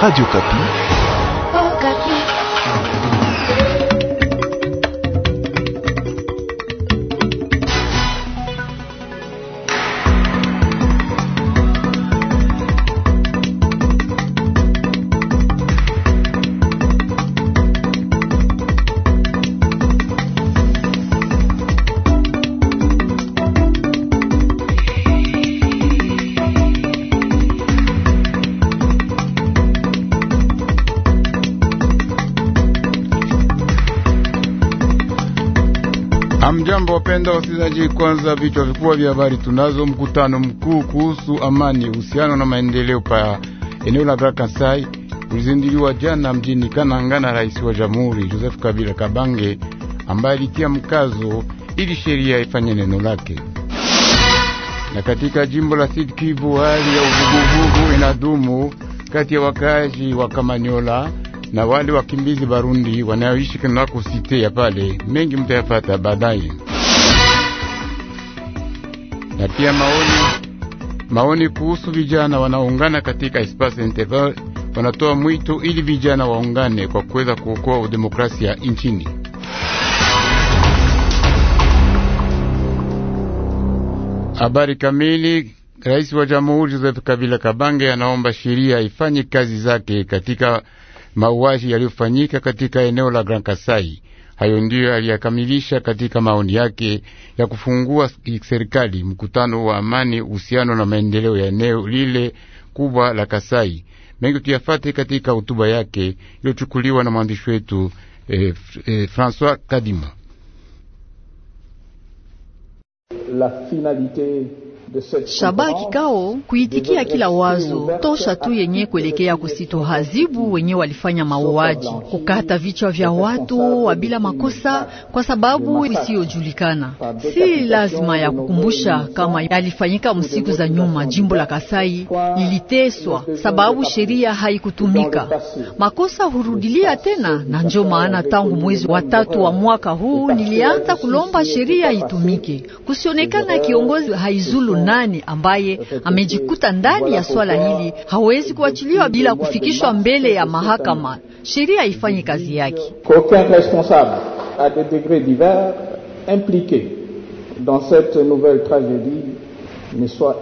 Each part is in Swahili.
Radio Kapi. Hamjambo wapenda wasikilizaji, kwanza vichwa vikubwa vya habari tunazo. Mkutano mkuu kuhusu amani, uhusiano na maendeleo pa eneo la Grand Kasai ulizinduliwa jana mjini Kananga na rais wa jamhuri Joseph Kabila Kabange, ambaye alitia mkazo ili sheria ifanye neno lake. Na katika jimbo la Sud Kivu hali ya uvuguvugu inadumu kati ya wakaaji wa Kamanyola na wale wakimbizi Barundi wanayoishi kana kusite ya pale. Mengi mtayapata baadaye, na pia maoni maoni kuhusu vijana wanaungana katika espace interval wanatoa mwito ili vijana waungane kwa kuweza kuokoa udemokrasia nchini. Habari kamili. Rais wa Jamhuri Joseph Kabila Kabange anaomba sheria ifanye kazi zake katika mauaji yaliyofanyika katika eneo la Grand Kasai. Hayo ndiyo aliyakamilisha katika maoni yake ya kufungua serikali mkutano wa amani, uhusiano na maendeleo ya eneo lile kubwa la Kasai. Mengi tuyafate katika hotuba yake iliyochukuliwa na mwandishi wetu eh, eh, François Kadima. La finalité shabaha kikao kuitikia kila wazo tosha tu yenye kuelekea kusitohazibu wenye walifanya mauaji, kukata vichwa vya watu wa bila makosa kwa sababu isiyojulikana. Si lazima ya kukumbusha kama yalifanyika msiku za nyuma, jimbo la Kasai liliteswa sababu sheria haikutumika, makosa hurudilia tena, na ndio maana tangu mwezi wa tatu wa mwaka huu nilianza kulomba sheria itumike, kusionekana kiongozi haizulu nani ambaye amejikuta ndani ya swala hili hawezi kuachiliwa bila kufikishwa mbele ya mahakama. Sheria ifanye kazi yake. Aucun responsable a des degres divers dans cette nouvelle ne soit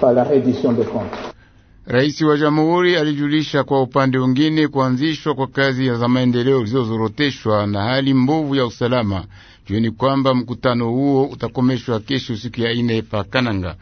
par la reddition des comptes. Rais wa Jamhuri alijulisha kwa upande wengine kuanzishwa kwa kazi za maendeleo zilizozoroteshwa na hali mbovu ya usalama Jueni kwamba mkutano huo utakomeshwa kesho siku ya ine pa Kananga.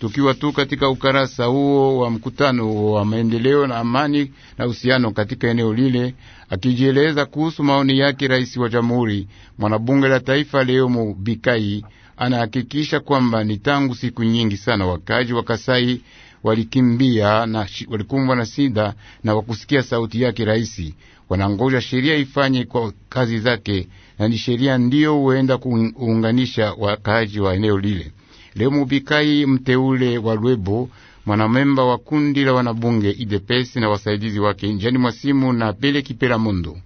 Tukiwa tu katika ukarasa huo wa mkutano wa maendeleo na amani na uhusiano katika eneo lile, akijieleza kuhusu maoni yake, rais wa jamhuri mwanabunge la taifa leo Mubikai anahakikisha kwamba ni tangu siku nyingi sana wakaji wa Kasai walikimbia na walikumbwa na sida na wakusikia sauti yake raisi wanangoja sheria ifanye kwa kazi zake, na ni sheria ndiyo huenda kuunganisha wakaaji wa eneo lile. Leo Mubikai, mteule wa Lwebo, mwanamemba wa kundi la wanabunge idepesi na wasaidizi wake, njani mwa simu na Pele Kipela Mundu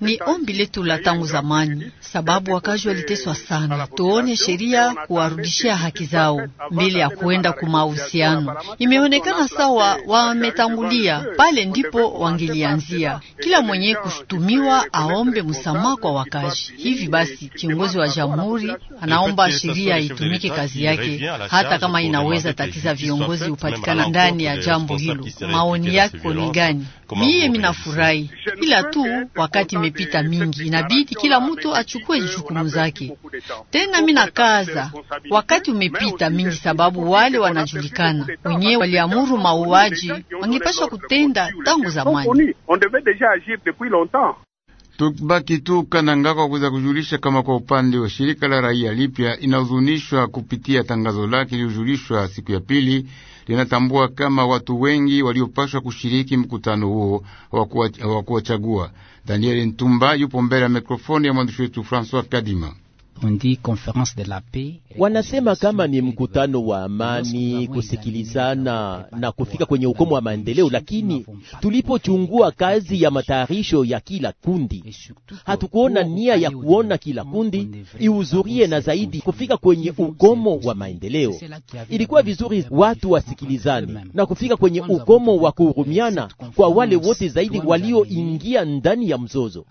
ni ombi letu la tangu zamani, sababu wakaji waliteswa sana. Tuone sheria kuwarudishia haki zao mbele ya kuenda kumahusiano Imeonekana sawa wametangulia, pale ndipo wangelianzia. Kila mwenye kustumiwa aombe msamaha kwa wakaji Hivi basi, kiongozi wa jamhuri anaomba sheria itumike kazi yake, hata kama inaweza tatiza viongozi upatikana ndani ya jambo hilo. Maoni yako ni gani? Mie minafurahi ila tu wakati imepita mingi, inabidi kila mtu achukue jukumu zake. Tena mimi kaza, wakati umepita mingi, sababu wale wanajulikana wenyewe waliamuru mauaji wangepaswa kutenda tangu zamani. Tubaki tu Kananga kwa kuweza kujulisha kama kwa upande wa shirika la raia lipya inahuzunishwa kupitia tangazo lake lilojulishwa siku ya pili, linatambua kama watu wengi waliopaswa kushiriki mkutano huo hawakuwachagua. Daniel Ntumba yupo mbele ya mikrofoni ya mwandishi wetu Francois Kadima. Wanasema kama ni mkutano wa amani, kusikilizana na kufika kwenye ukomo wa maendeleo, lakini tulipochungua kazi ya matayarisho ya kila kundi, hatukuona nia ya kuona kila kundi ihudhurie na zaidi kufika kwenye ukomo wa maendeleo. Ilikuwa vizuri watu wasikilizane na kufika kwenye ukomo wa kuhurumiana kwa wale wote zaidi walioingia ndani ya mzozo.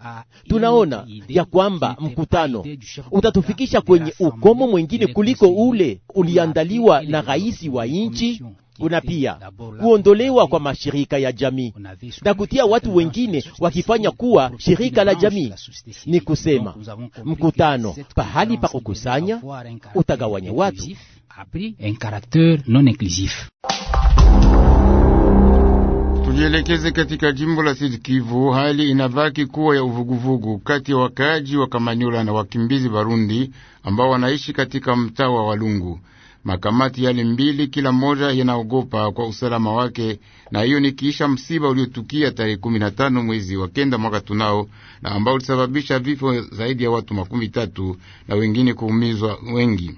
Tunaona ya kwamba mkutano utatufikisha kwenye ukomo mwingine kuliko ule uliandaliwa na rais wa nchi kuna pia kuondolewa kwa mashirika ya jamii na kutia watu wengine wakifanya kuwa shirika la jamii. Ni kusema mkutano pahali pa kukusanya utagawanya watu. Tujielekeze katika jimbo la Sud Kivu. Hali inabaki kuwa ya uvuguvugu kati ya wakaaji wa Kamanyola na wakimbizi Barundi ambao wanaishi katika mtaa wa Walungu. Makamati yale mbili, kila moja yanaogopa kwa usalama wake, na hiyo ni kiisha msiba uliotukia tarehe kumi na tano mwezi wa kenda mwaka tunao, na ambao ulisababisha vifo zaidi ya watu makumi tatu na wengine kuumizwa wengi.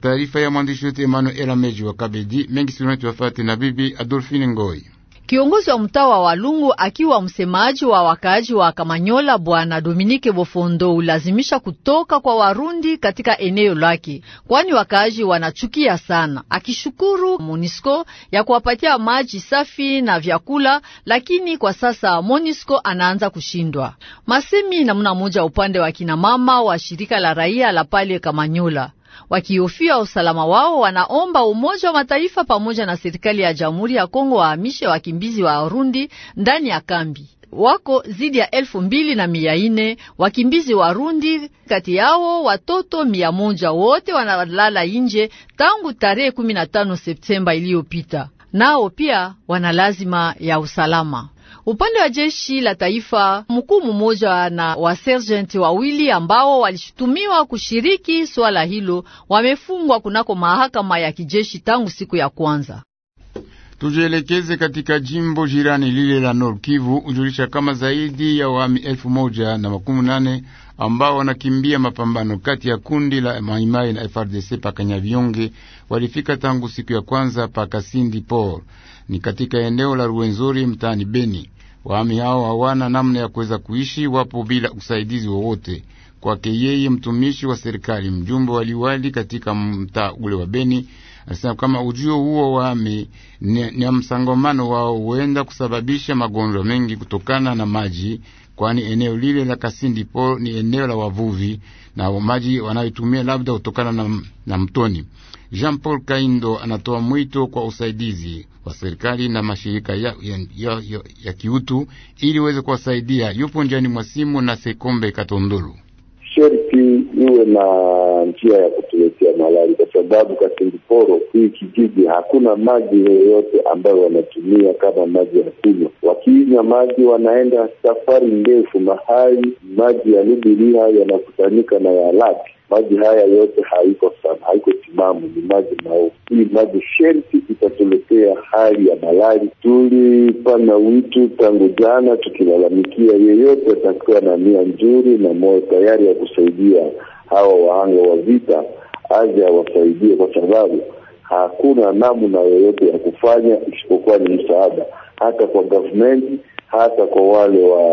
Taarifa ya mwandishi wetu Emmanuel Ameji wa Kabedi mengi siunatuwafate na bibi Adolfine Ngoi. Kiongozi wa mtaa wa Walungu akiwa msemaji wa wakaaji wa Kamanyola, bwana Dominike Bofondo ulazimisha kutoka kwa Warundi katika eneo lake, kwani wakaaji wanachukia sana, akishukuru Monisco ya kuwapatia maji safi na vyakula, lakini kwa sasa Monisco anaanza kushindwa. Masemi namna moja upande wa kinamama wa shirika la raia la pale Kamanyola wakihofia usalama wao, wanaomba Umoja wa Mataifa pamoja na serikali ya Jamhuri ya Kongo wahamishe wakimbizi wa Warundi ndani ya kambi wako zidi ya elfu mbili na mia ine wakimbizi Rundi, kati yao watoto mia moja wote wanalala inje tangu tarehe 15 Septemba iliyopita. Nao pia wana lazima ya usalama. Upande wa jeshi la taifa, mkuu mmoja na waserjenti wawili ambao walishutumiwa kushiriki swala hilo wamefungwa kunako mahakama ya kijeshi tangu siku ya kwanza. Tujielekeze katika jimbo jirani lile la Nord Kivu, ujulisha kama zaidi ya wami elfu moja na makumi nane ambao wanakimbia mapambano kati ya kundi la Maimai na FRDC Pakanyavyonge walifika tangu siku ya kwanza Pakasindi Paul ni katika eneo la Ruwenzori mtaani Beni. Wahami hao hawana namna ya kuweza kuishi, wapo bila usaidizi wowote. Kwake yeye, mtumishi wa serikali, mjumbe waliwali katika mtaa ule wa Beni Anasema kama ujio huo wami ni, ni msangomano wao huenda kusababisha magonjwa mengi kutokana na maji, kwani eneo lile la Kasindi po ni eneo la wavuvi na maji wanayotumia labda kutokana na, na mtoni. Jean Paul Kaindo anatoa mwito kwa usaidizi wa serikali na mashirika ya, ya, ya, ya, ya kiutu ili weze kuwasaidia. Yupo njani mwa simu na Sekombe Katondolu na njia ya kutuletea malari, kwa sababu Kasingiporo hii kijiji hakuna maji yoyote ambayo wanatumia kama maji ya kunywa. Wakinywa maji wanaenda safari ndefu, mahali maji ya Lubiria yanakutanika na ya maji haya yote haiko sana, haiko timamu, ni maji maovu. Hii maji sherti itatuletea hali ya malari. Tulipana witu tangu jana tukilalamikia, yeyote atakuwa na nia nzuri na moyo tayari ya kusaidia hawa wahanga wa vita aje awasaidie, kwa sababu hakuna namna yoyote ya kufanya isipokuwa ni msaada, hata kwa government, hata kwa wale wa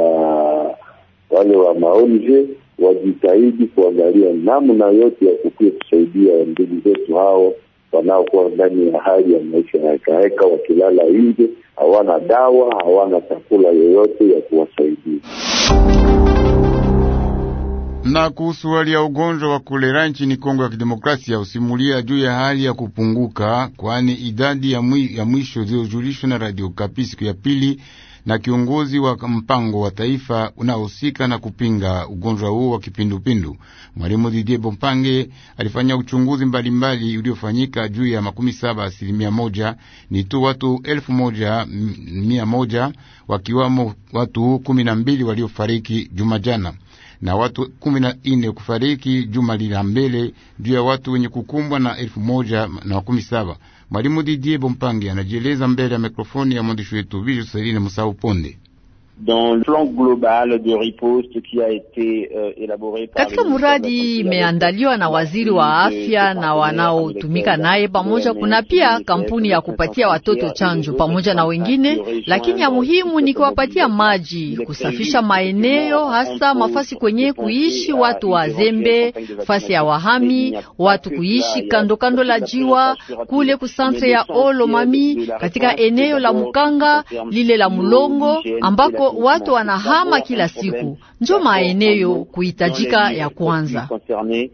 wale wa maonje wajitahidi kuangalia namna yote ya kukua kusaidia ndugu zetu hao wanaokuwa ndani ya hali ya maisha ya hekaheka, wakilala nje, hawana dawa, hawana chakula yoyote ya kuwasaidia. Na kuhusu hali ya ugonjwa wa kolera nchini Kongo ya Kidemokrasia, usimulia juu ya hali ya kupunguka, kwani idadi ya, mwi, ya mwisho zilizojulishwa na Radio Kapi siku ya pili na kiongozi wa mpango wa taifa unaohusika na kupinga ugonjwa huo wa kipindupindu, Mwalimu Didier Bompange alifanya uchunguzi mbalimbali uliofanyika juu ya makumi saba asilimia moja ni tu watu elfu moja mia moja wakiwamo watu kumi na mbili waliofariki juma jana na watu kumi na ine kufariki juma lila mbele juu ya watu wenye kukumbwa na elfu moja na makumi saba. Mwalimu Didie Bompange anajieleza mbele ya mikrofoni ya mwandishi wetu Bijo seline Musau Ponde dans le plan global de riposte qui a été euh, élaboré par katika muradi imeandaliwa na waziri wa afya na wanaotumika naye pamoja. Kuna pia kampuni ya kupatia watoto chanjo pamoja na wengine, lakini ya muhimu ni kuwapatia maji, kusafisha maeneo, hasa mafasi kwenye kuishi watu wa zembe, fasi ya wahami, watu kuishi kando kando la jiwa, kule kusantre ya Olomami, katika eneo la Mukanga lile la Mulongo ambako ambako watu wanahama kila siku, ndio maeneo kuhitajika ya kwanza. Euh,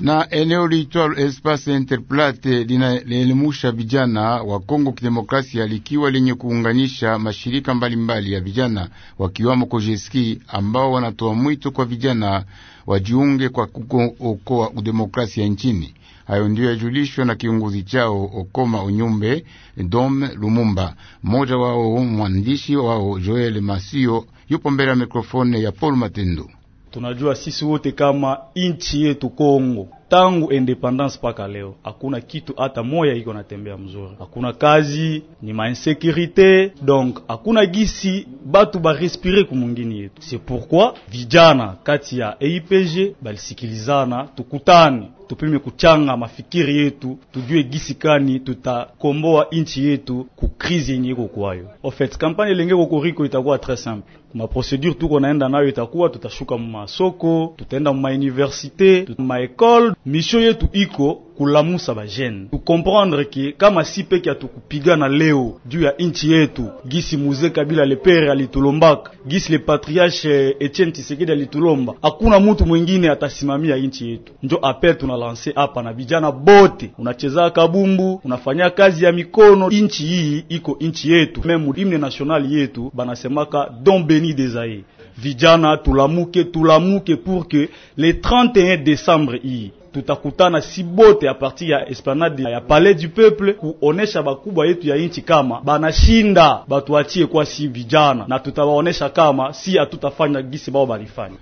Na eneo liitwa Espace Interplate linaelimusha vijana wa Kongo Kidemokrasia, likiwa lenye kuunganisha mashirika mbalimbali mbali ya vijana wakiwamo Kojeski, ambao wanatoa mwito kwa vijana wajiunge kwa kuokoa udemokrasia nchini. Hayo ndiyo yajulishwa na kiongozi chao Okoma Unyumbe Dom Lumumba. Mmoja wao mwandishi wao Joel Masio yupo mbele ya mikrofone ya Paul Matendo. Tunajua sisi wote kama inchi yetu Kongo tangu independance mpaka leo hakuna kitu hata moya iko natembea mzuri, hakuna kazi, ni ma insécurité Donc hakuna gisi batu barespire kumungini yetu. C'est pourquoi vijana kati ya EIPG balisikilizana, tukutane tupime kuchanga mafikiri yetu, tujue gisi kani tutakomboa inchi yetu ku krizi yenye iko kwayo. kampagne kampani elenge kokoriko itakuwa très simple ma procedure tuko naenda nayo, itakuwa tutashuka mu masoko, tutaenda mu mauniversite, mu maekole misio yetu iko kulamusa bajene tukomprendre ke kama si peke hatukupigana leo juu ya nchi yetu, gisi Mzee Kabila lepere alitulombaka, gisi le patriarche eh, Etienne Tshisekedi alitulomba, hakuna mutu mwingine atasimamia nchi yetu. Njo apel tunalanse hapa na vijana bote, unacheza kabumbu, unafanya kazi ya mikono. inchi hii iko nchi yetu, meme himne nationali yetu banasemaka don beni desaye. Vijana tulamuke, tulamuke pour que le 31 décembre hii tutakutana si bote ya parti ya esplanade ya Palais du Peuple kuonesha bakubwa yetu ya inchi kama banashinda batuachie kwa si vijana, na tutawaonesha kama si hatutafanya gisi bao balifanya.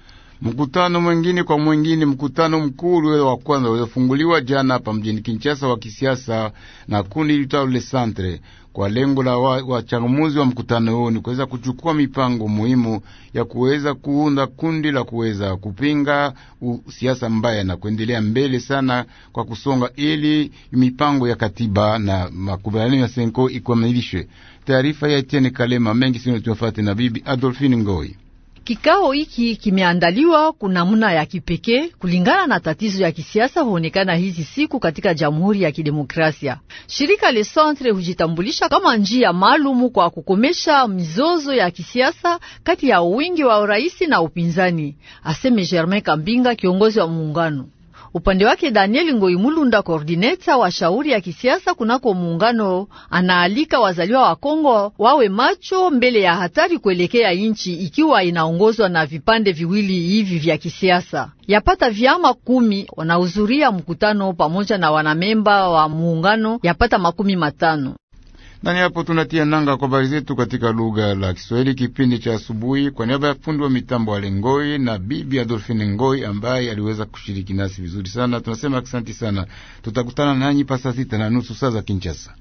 Mkutano mwengine kwa mwengine, mkutano mkuu ule wa kwanza uliofunguliwa jana hapa mjini Kinshasa wa kisiasa na kundi litalo Le Centre kwa lengo la wachangamuzi wa, wa mkutano huu ni kuweza kuchukua mipango muhimu ya kuweza kuunda kundi la kuweza kupinga siasa mbaya na kuendelea mbele sana kwa kusonga ili mipango ya katiba na makubaliano ya Senko ikamilishwe. Taarifa ya Etienne Kalema mengi sino tunafuate na bibi Adolphine Ngoi. Kikao hiki kimeandaliwa namna ya kipekee kulingana na tatizo ya kisiasa huonekana hizi siku katika Jamhuri ya Kidemokrasia. Shirika Le Centre hujitambulisha kama njia maalumu kwa kukomesha mizozo ya kisiasa kati ya wingi wa urais na upinzani, aseme Germain Kambinga, kiongozi wa muungano. Upande wake Daniel Ngoi Mulunda, koordineta wa shauri ya kisiasa kunako muungano, anaalika wazaliwa wa Kongo wawe macho mbele ya hatari kuelekea nchi ikiwa inaongozwa na vipande viwili hivi vya kisiasa. Yapata vyama kumi wanahudhuria mkutano pamoja na wanamemba wa muungano yapata makumi matano. Nani hapo tunatia nanga kwa habari zetu katika lugha la Kiswahili kipindi cha asubuhi. Kwa niaba ya fundi wa mitambo wa lengoi na bibi Adolfine Ngoi ambaye aliweza kushiriki nasi vizuri sana, tunasema asante sana. Tutakutana nanyi pasa sita na nusu saa za Kinshasa.